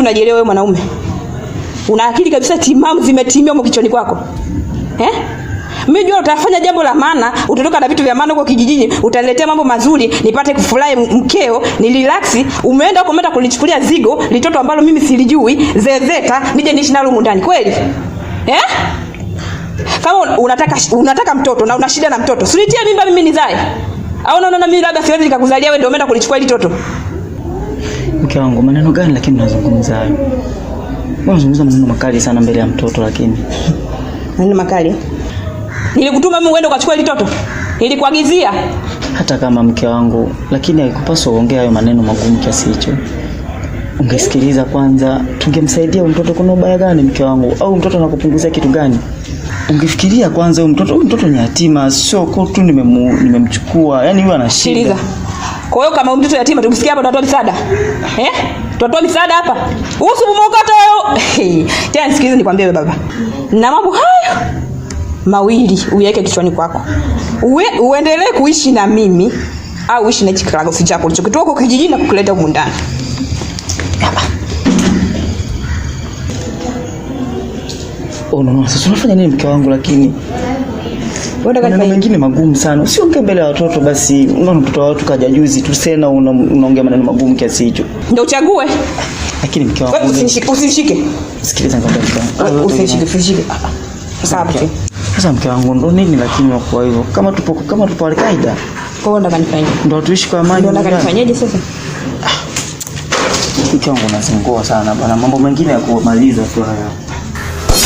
unajielewa wewe mwanaume? Una akili kabisa timamu zimetimia huko kichoni kwako. Eh? Mimi jua utafanya jambo la maana, utatoka na vitu vya maana huko kijijini, utaniletea mambo mazuri, nipate kufurahi mkeo, ni relax, umeenda huko umeenda kunichukulia zigo, litoto ambalo mimi silijui, zezeta, nije niishi nalo huko ndani. Kweli? Eh? Kama unataka unataka mtoto na una shida na mtoto, sunitie mimba mimi nizae. Au unaona mimi labda siwezi nikakuzalia wewe ndio umeenda kulichukua hili toto mke wangu, maneno gani lakini unazungumza hayo? Unazungumza maneno makali sana mbele ya mtoto lakini. Maneno makali? Nilikutuma mimi uende ukachukua ile mtoto. Nilikuagizia. Hata kama mke wangu, lakini haikupaswa uongea hayo maneno magumu kiasi hicho. Ungesikiliza kwanza, tungemsaidia mtoto. Kuna ubaya gani mke wangu? Au mtoto anakupunguzia kitu gani? Ungefikiria kwanza huyu mtoto, huyu mtoto ni yatima, sio tu nimemchukua. Yaani huyo ana shida. Kwa hiyo kama mtoto yatima tumsikia hapa tunatoa misaada. Eh? Tunatoa misaada hapa. Usimumokoto wewe. Hey. Tena nisikilize nikwambie wewe baba. Na mambo hayo mawili uyaweke kichwani kwako. Uwe, uendelee kuishi na mimi au uishi na si chako ulichokitoa kwa kijijini na kukuleta huko ndani. Baba. Oh, no, no. Sasa unafanya nini mke wangu lakini? maneno mengine magumu sana, usiongee mbele ya watoto. Basi unaona mtoto wa watu kaja juzi tu, tena unaongea maneno magumu kiasi hicho, ndio uchague. Lakini mke wangu usinishike, usinishike, sikiliza nikwambia, usinishike, usinishike. Ah, ah. Sababu sasa mke wangu ndo nini, lakini wakuwa hivyo, kama tupo kama tupo alkaida kwa ndo kanifanya ndo tuishi kwa amani, ndo kanifanyaje sasa ah. mke wangu? Unazingua sana bana mambo mengine ya kumaliza tu haya